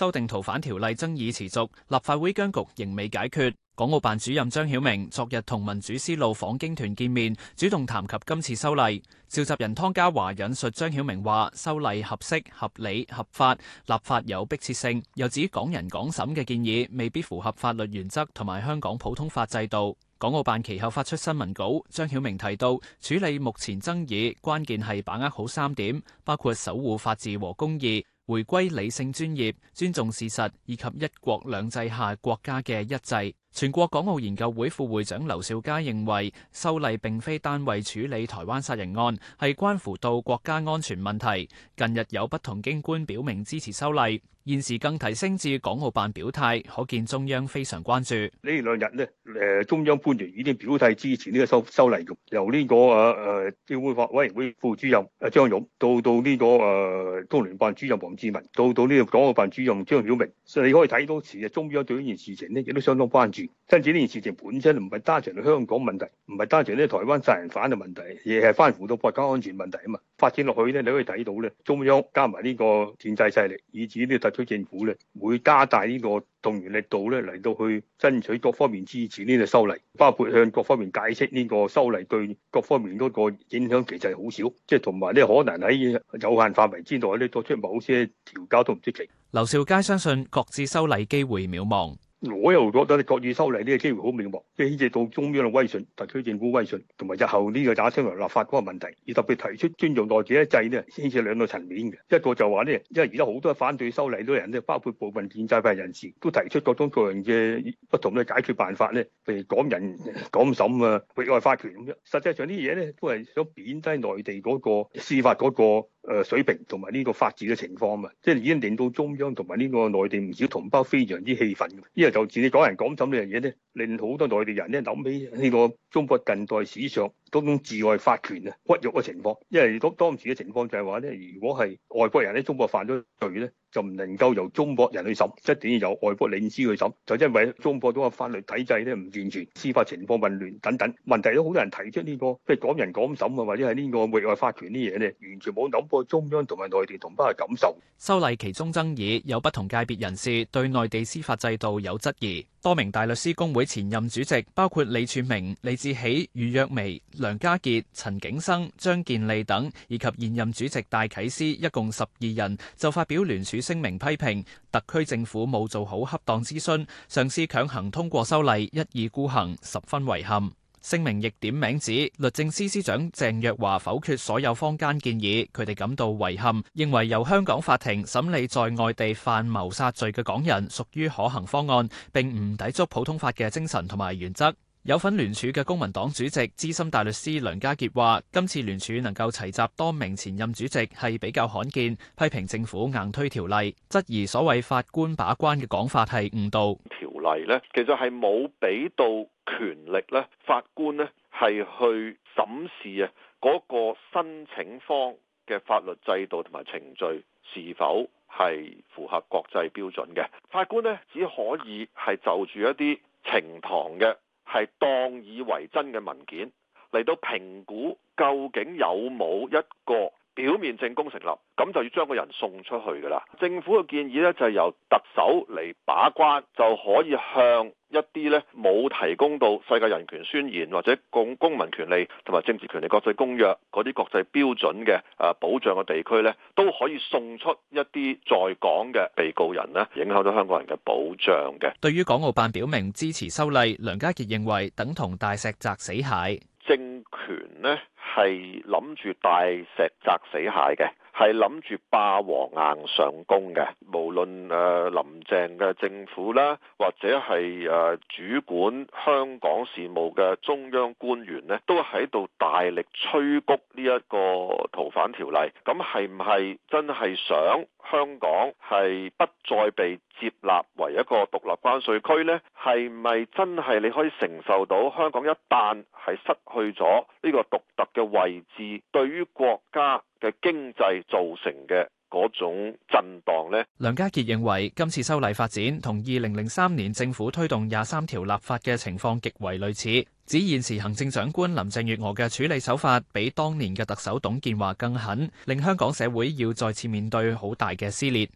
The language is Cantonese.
修訂逃犯條例爭議持續，立法會僵局仍未解決。港澳辦主任張曉明昨日同民主思路訪京團見面，主動談及今次修例。召集人湯家驊引述張曉明話：修例合適、合理、合法，立法有迫切性。又指港人港審嘅建議未必符合法律原則同埋香港普通法制度。港澳辦其後發出新聞稿，張曉明提到處理目前爭議，關鍵係把握好三點，包括守護法治和公義，回歸理性、專業、尊重事實，以及一國兩制下國家嘅一制。全國港澳研究會副會長劉兆佳認為，修例並非單為處理台灣殺人案，係關乎到國家安全問題。近日有不同京官表明支持修例。現時更提升至港澳辦表態，可見中央非常關注兩呢兩日咧。誒，中央官員已經表態支持呢個修修例局，由呢、這個啊誒，立、呃、法委員會副主任啊張勇到到呢、這個誒中聯辦主任王志民，到到呢個港澳辦主任張曉明，所以你可以睇到時，其實中央對呢件事情呢亦都相當關注。甚至呢件事情本身唔係單純香港問題，唔係單純咧台灣殺人犯嘅問題，而係關乎到國家安全問題啊嘛。發展落去咧，你可以睇到咧，中央加埋呢個建制勢力，以至呢特。區政府咧，會加大呢個動員力度咧，嚟到去爭取各方面支持呢個修例，包括向各方面解釋呢個修例對各方面嗰個影響其實係好少，即係同埋咧可能喺有限範圍之內咧作出某些調校都唔積極。劉兆佳相信，各自修例機會渺茫。我又覺得呢國語修例呢個機會好渺茫，即係牽涉到中央嘅威信、特區政府威信，同埋日後呢、呢個打聲律立法嗰個問題。而特別提出尊重內地一制呢，牽涉兩個層面嘅。一個就話呢。因為而家好多反對修例嘅人呢，包括部分建制派人士，都提出各種各樣嘅不同嘅解決辦法呢，譬如港人、港審啊、域外法權咁樣。實際上呢嘢呢都係想貶低內地嗰個司法嗰、那個。誒水平同埋呢個法治嘅情況啊嘛，即係已經令到中央同埋呢個內地唔少同胞非常之氣憤。因為就似你港人港審呢樣嘢咧，令好多內地人咧諗起呢個中國近代史上嗰種治外法權啊屈辱嘅情況。因為當當時嘅情況就係話咧，如果係外國人喺中國犯咗罪咧。就唔能夠由中國人去審，一定要由外國領事去審。就因為中國嗰個法律體制咧唔健全，司法情況混亂等等問題，都好多人提出呢個即係港人港審啊，或者係呢個域外法權啲嘢咧，完全冇諗過中央同埋內地同胞嘅感受。修例其中爭議，有不同界別人士對內地司法制度有質疑。多名大律師公會前任主席，包括李柱明、李志喜、余若薇、梁家傑、陳景生、張健利等，以及現任主席戴啟思，一共十二人，就發表聯署聲明，批評特區政府冇做好恰當諮詢，上次強行通過修例，一意孤行，十分遺憾。聲明亦點名指律政司司長鄭若驊否決所有坊間建議，佢哋感到遺憾，認為由香港法庭審理在外地犯謀殺罪嘅港人屬於可行方案，並唔抵觸普通法嘅精神同埋原則。有份聯署嘅公民黨主席資深大律師梁家傑話：今次聯署能夠齊集多名前任主席係比較罕見，批評政府硬推條例，質疑所謂法官把關嘅講法係誤導。嚟呢，其實係冇俾到權力呢法官呢，係去審視啊嗰個申請方嘅法律制度同埋程序是否係符合國際標準嘅。法官呢，只可以係就住一啲呈堂嘅係當以為真嘅文件嚟到評估，究竟有冇一個表面證供成立，咁就要將個人送出去㗎喇。政府嘅建議呢，就係由特首嚟把關，就可以向一啲呢冇提供到世界人權宣言或者共公民權利同埋政治權利國際公約嗰啲國際標準嘅誒保障嘅地區呢，都可以送出一啲在港嘅被告人呢，影響到香港人嘅保障嘅。對於港澳辦表明支持修例，梁家傑認為等同大石砸死蟹，政權呢。係諗住大石砸死蟹嘅，係諗住霸王硬上弓嘅。無論誒林鄭嘅政府啦，或者係誒主管香港事務嘅中央官員呢，都喺度大力催谷呢一個逃犯條例。咁係唔係真係想香港係不再被接納為一個獨貿稅區咧，係咪真係你可以承受到香港一旦係失去咗呢個獨特嘅位置，對於國家嘅經濟造成嘅嗰種震盪咧？梁家傑認為今次修例發展同二零零三年政府推動廿三條立法嘅情況極為類似，指現時行政長官林鄭月娥嘅處理手法比當年嘅特首董建華更狠，令香港社會要再次面對好大嘅撕裂。